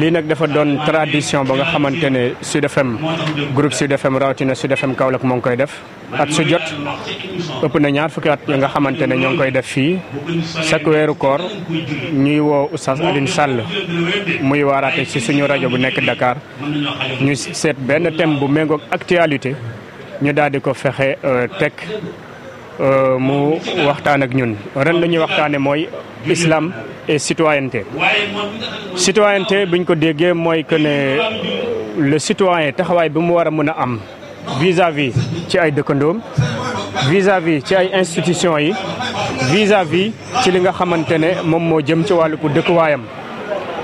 lii nag dafa don tradition ba nga xamante ne Sud FM groupe Sud FM rawatina Sud FM Kaolack moo ngi def at su jot ëpp na ñaar fukki at ya nga ne koy def fii chaque weeru koor ñuy Oustaz Sall muy ci suñu bu nekk Dakar ñu benetem benn thème bu méngoog actualité ñu daal di ko euh, euh, mu waxtaan ak ñun ren la ñuy islam et citoyenneté. citoyenneté buñ ko déggee mooy que ne le citoyen taxawaay bi mu war a mën a am vis-à-vis ci ay dëkkandoom vis-à-vis ci ay institutions yi vis-à-vis ci li nga xamante ne moom moo jëm ci wàllu dëkkuwaayam.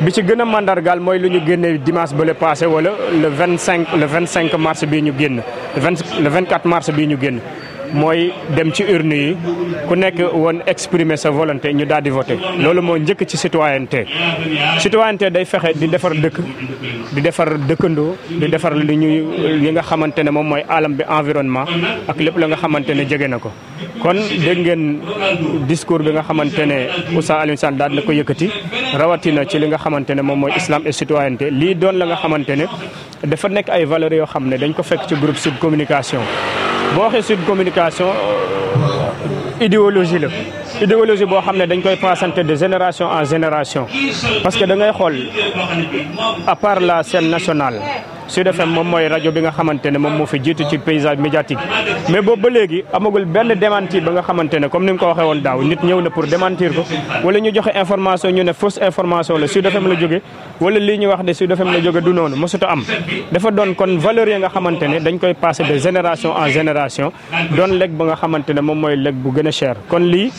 bi ci gën a mandargaal mooy lu ñu génnee dimanche ba le passé wala le vingt cinq le vingt cinq mars bii ñu génn le vingt le vingt quatre mars bii ñu génn. mooy dem ci urne yi ku nekk woon exprimer sa volonté ñu daal di voter loolu moo njëkk ci citoyenneté citoyenneté day fexe di defar dëkk di defar dëkkandoo di defar li ñuy li nga xamante ne moom mooy alam bi environnement ak lépp la nga xamante ne jege na ko kon dégg ngeen discours bi nga xamante ne Oustaz Alioune Sall daal na ko yëkkati rawatina ci li nga xamante ne moom mooy islam et citoyenneté lii doon la nga xamante ne dafa nekk ay valeurs yoo xam ne dañ ko fekk ci groupe Sud Communication Bon reçu une Communication idéologie L'idéologie, idéologie de xam de génération en génération parce que dans les rôles, à part la scène nationale Sud FM moom mooy rajo bi nga xamantene mom mo fi jiitu ci paysage médiatique mais bobu ba léegi amagul benn démenti ba nga xamantene comme ni nga ko waxee woon daaw nit ñëw na pour démentir ko wala ñu joxe information ñu né fausse information la Sud FM la jóge wala li ñu wax ne Sud FM la jóge du noonu mosuta am dafa don kon valeur yi nga xamantene dañ koy passer de génération en génération don lekk ba nga xamantene mom moy mooy bu gëna cher kon li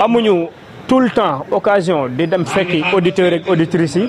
amuñu tout le temps occasion de dem fekki auditeur ak auditrice yi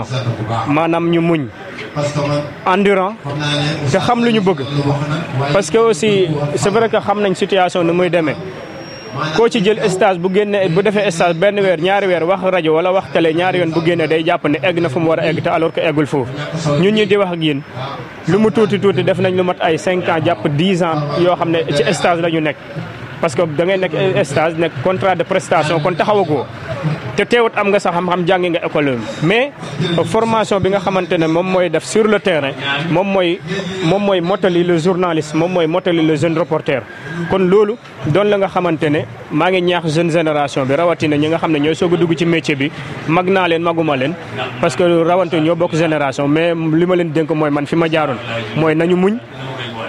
patient maanaam ñu muñ endurant te xam lu ñu bëgg parce que aussi c'est vrai que xam nañ situation nu muy demee koo ci jël stage bu génnee bu defee stage benn weer ñaari weer wax rajo wala wax télé ñaari yoon bu génnee day jàpp ne egg na fu mu war a egg te alors que eggul foofu ñu ñi di wax ak yéen lu mu tuuti tuuti def nañ lu mat ay 5 ans jàpp 10 an yoo xam ne ci stage la ñu nekk parce que da nekk stage nekk contrat de prestation kon taxawagoo te teewut am nga sax xam-xam jàngi nga école mais formation bi nga xamante ne moom mooy def sur le terrain moom mooy moom mooy motali le journaliste moom mooy motali le jeune reporter kon loolu doon la nga xamante ne maa ngi ñaax jeune génération bi rawatina ñi nga xam ne ñooy soog a dugg ci métier bi mag naa leen maguma leen parce que rawante ñoo bokk génération mais li ma leen dénk mooy man fi ma jaaroon mooy nañu muñ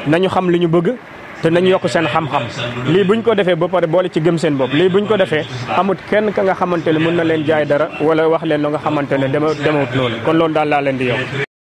nañu xam li ñu bëgg te nañu yokk seen xam-xam lii buñ ko defee ba pare boole ci gëm seen bopp lii buñ ko defee amut kenn ka nga xamante ne mën na leen jaay dara wala wax leen lu nga xamante ne dema demawut noonu kon loolu daal laa leen di yokk